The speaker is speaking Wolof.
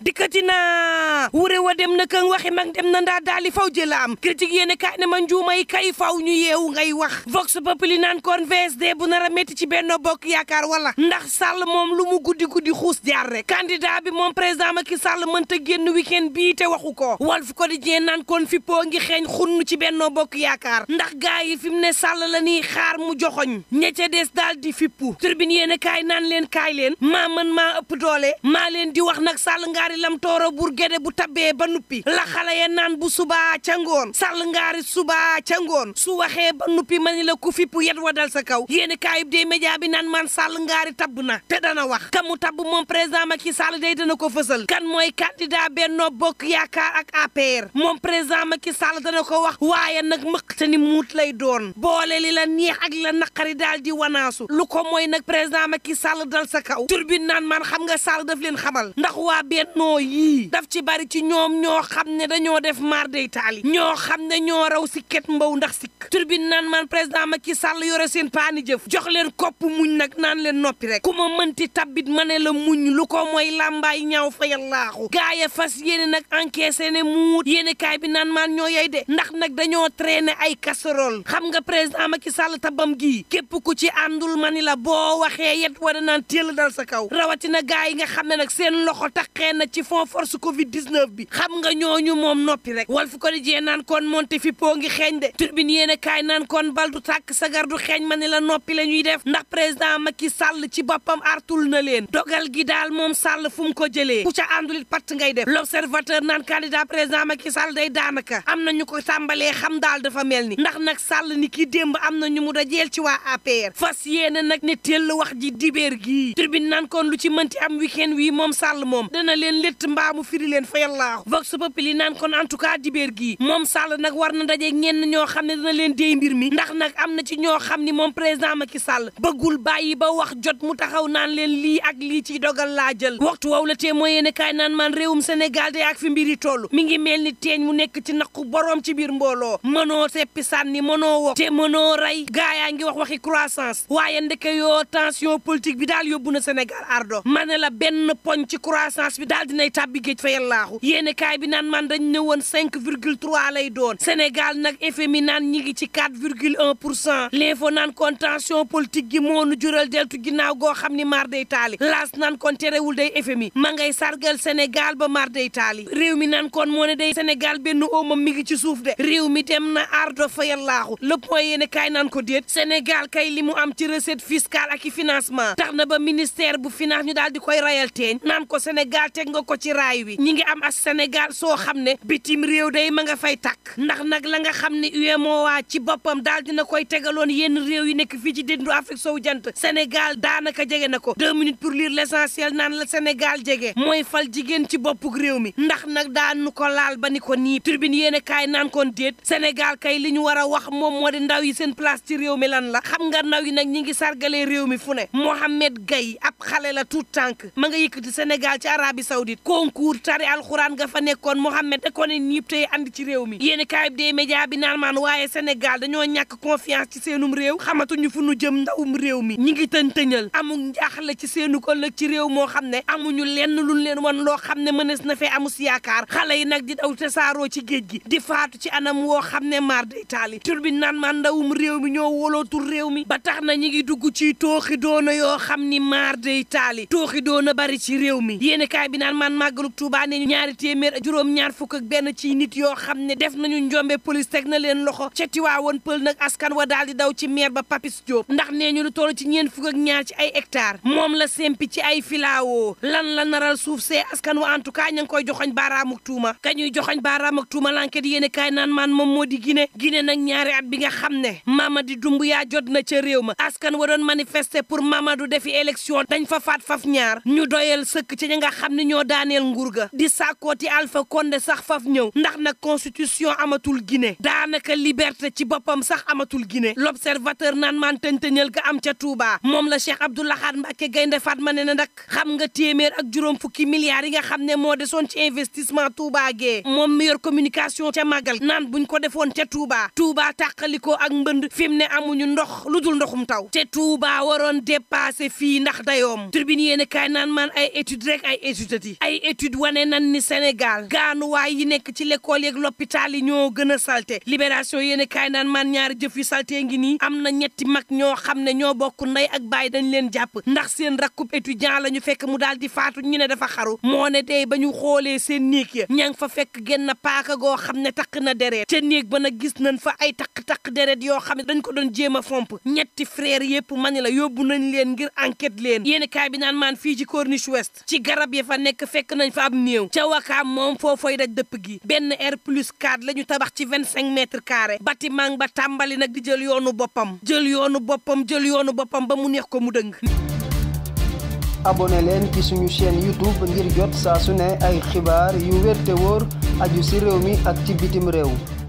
dikkati naa wure wa dem na këng waxi mag dem na ndaa daali faw jëla am critique yéen kaay ne ma njuumay kay faw ñu yeewu ngay wax vox populi naan kon VSD bu nara a métti ci benn bokk yaakaar wala ndax Sall moom lu mu guddi guddi xuus jaar rek candidat bi moom président Macky Sall mënta génn week-end bii te waxu ko wal fu ko di Quotidien naan kon fippoo ngi xeeñ xunn ci benn bokk yaakaar ndax gaa yi fi mu ne Sall la ñuy xaar mu joxoñ ña ca des daal di fippu turbine yéen kaay naan leen kaay leen maa mën maa ëpp doole maa leen di wax nag Sall nga ngaari lam tooro bur gede bu tabbee ba nuppi la xale ya naan bu suba ca ngoon sàll ngaari subaa ca ngoon su waxee ba nuppi ma ni la ku fippu yet wa dal sa kaw yéeni kaayub dee média bi naan man sàll ngaari tabb na te dana wax kamu tabb moom président Macky Sall day dana ko fësal kan mooy candidat Benno Bokk Yaakaar ak APR moom président Macky Sall dana ko wax waaye nag mëqta ni muut lay doon boole li la neex ak la naqari daal di wanaasu lu ko mooy nag président Macky Sall dal sa kaw tur bi naan man xam nga Sall daf leen xamal ndax waa benn patron yii daf ci bari ci ñoom ñoo xam ne dañoo def mar day taali ñoo xam ne ñoo raw si ket mbaw ndax sikk turbine naan man président Macky Sall yore seen paani jëf jox leen kopp muñ nag naan leen noppi rek ku ma mënti tabbit ma ne la muñ lu ko mooy làmbaay ñaaw fa yallaaxu gaaya fas yéene nag encaissé ne muut yéene kaay bi naan maan ñoo yey de ndax nag dañoo traîné ay casserole xam nga président Macky Sall tabam gii képp ko ci àndul ma ni la boo waxee yet wala naan téel dal sa kaw rawatina gaay yi nga xam ne nag seen loxo taxee ci fond force Covid 19 bi xam nga ñoo ñu moom noppi rek Walf Quotidien naan kon monte fi poo ngi xeeñ de Tribune yéen a naan kon bal du tàkk sagar du xeeñ ma ni la noppi la ñuy def ndax président ki sàll ci boppam artul na leen dogal gi daal moom sàll fu mu ko jëlee ku ca àndulit patt ngay def l'observateur naan candidat président ki Sall day daanaka am na ñu ko sàmbalee xam daal dafa mel ni ndax nag sàll ni ki démb am na ñu mu dajeel ci waa APR fas yéene nag ne teel wax ji dibeer gii Tribune naan lu ci mënti am week wi moom Sall moom dana leen leen mbaamu mbaa mu firi leen fa yàllaahu vox populi naan kon en tout cas dibeer gii moom Sall nag war na daje ñenn ñoo xam ne dana leen déy mbir mi ndax nag am na ci ñoo xam ni moom président Macky Sall bëggul bàyyi ba wax jot mu taxaw naan leen lii ak lii ci dogal laa jël waxtu woowu la tee mooy yéene kaay naan man réewum Sénégal de ak fi mbir i toll mi ngi mel ni teeñ mu nekk ci naqu boroom ci biir mbooloo mënoo seppi sànni mënoo wokk te mënoo rey gaa yaa ngi wax waxi croissance waaye ndeke yoo tension politique bi daal yóbbu na Sénégal ardo ma ne la benn poñ ci croissance bi daal dinay tàbbi géej fa yàllaahu yéene kaay bi naan man dañu ne woon 5 virgule 3 lay doon Sénégal nag FMI naan ñi ngi ci 4 virgule 1 pour cent l'info naan kon tension politique gi moonu jural deltu ginnaaw goo xam ni mar taali laas naan kon terewul day FMI ma ngay sargal Sénégal ba mar day taali réew mi naan kon moo ne day Sénégal benn oomam mi ngi ci suuf de réew mi dem na ardo fa yàllaahu le point yéene kaay naan ko déet Sénégal kay li mu am ci recette fiscale ak i financement tax na ba ministère bu finance ñu daal di koy rayal ko Sénégal teg nga nga ko ci raay wi ñi ngi am as Sénégal soo xam ne bitim réew day ma nga fay tàkk ndax nag la nga xam ne moo UEMOA ci boppam daal dina koy tegaloon yenn réew yi nekk fii ci déndu Afrique sow jant Sénégal daanaka jege na ko deux minutes pour lire l'essentiel naan la Sénégal jege mooy fal jigéen ci boppug réew mi ndax nag daanu ko laal ba ni ko nii turbine yéen a kaay naan kon déet Sénégal kay li ñu war a wax moom moo di ndaw yi seen place ci réew mi lan la xam nga ndaw yi nag ñi ngi sargalee réew mi fu ne xale la tout tànk ma nga yëkkati Sénégal ci Arabie Saoudite concours tari alxuraan nga fa nekkoon Mohamed da ko ne ñëpp tey andi ci réew mi yéen kaayub dee média bi naan maan waaye Sénégal dañoo ñàkk confiance ci seenum réew xamatuñu fu nu jëm ndawum réew mi ñi ngi tëntëñal amul njaaxle ci seenu ëllëg ci réew moo xam ne amuñu lenn luñ leen wan loo xam ne mën mënees na fee amus yaakaar xale yi nag di daw tasaaroo ci géej gi di faatu ci anam woo xam ne maar day bi naan maan ndawum réew mi ñoo wolootul réew mi ba tax na ñi ngi dugg ci tooxi doona yoo xam ni maar yi taali tooxi doon na bari ci réew mi yéen kaay bi naan man màggalug Tuuba ne ñu ñaari téeméer ak juróom-ñaar fukk ak benn ci nit yoo xam ne def nañu njombe police teg na leen loxo ca Tiwaawoon pël nag askan wa daal di daw ci maire ba Papis Diop ndax nee ñu lu toll ci ñeen fukk ak ñaar ci ay hectares moom la sempi ci ay filaawo lan la naral suuf see askan wa en tout cas ña ngi koy joxoñ baaraamuk tuuma ka ñuy joxoñ baaraamuk tuuma lanket yéen kaay naan man moom moo di Guinée Guinée nag ñaari at bi xam ne Mamadi Doumbouya jot na ca réew ma askan wa doon manifester pour Mamadou defi élection nañ fa faat faf ñaar ñu doyal sëkk ñi nga xam ne ñoo daaneel nguur ga di sàkkooti Alpha Condé sax faf ñëw ndax nag constitution amatul Guinée daanaka liberté ci boppam sax amatul Guinée l'observateur naan maan tëñ-tëñal ga am ca Touba moom la Cheikh Abdou Lahad Mbacké Gaynde Fatma ne na nag xam nga téeméer ak juróom fukki milliards yi nga xam ne moo desoon ci investissement Touba gee moom mi yor communication ca Magal naan buñ ko defoon ca Touba Touba ko ak mbënd fi mu ne amuñu ndox lu dul ndoxum taw te Touba waroon dépasser fii ndax dayoo doom tribune yéen kaay naan maan ay étude rek ay étude ati ay étude wane nan ni Sénégal gaanuwaay yi nekk ci l'école yeeg l'hôpital yi ñoo gën a salte libération yéen kaay naan maan ñaari jëf yu salte ngi nii am na ñetti mag ñoo xam ne ñoo bokk ndey ak baay dañ leen jàpp ndax seen rakkub étudiant la ñu fekk mu daal di faatu ñu ne dafa xaru moo ne tey ba ñu xoolee seen néeg ya ña ngi fa fekk genn paaka goo xam ne takk na deret ca néeg ba nag gis nañ fa ay takk-takk deret yoo xam ne dañ ko doon jéem a fomp ñetti frère yépp man la yóbbu nañ ngir enquête yéen bi naan maan fii ci corniche ouest ci garab yi fa nekk fekk nañ fa ab néew ca wakaam moom dëpp gi benn R plus 4 la tabax ci 25 mètres carrés bâtiment ba tàmbali nag di jël yoonu boppam jël yoonu boppam jël yoonu boppam ba mu neex ko mu dëng abonné leen ci suñu chaîne youtube ngir jot saa su ne ay xibaar yu wér te wóor aju ci réew mi ak ci bitim réew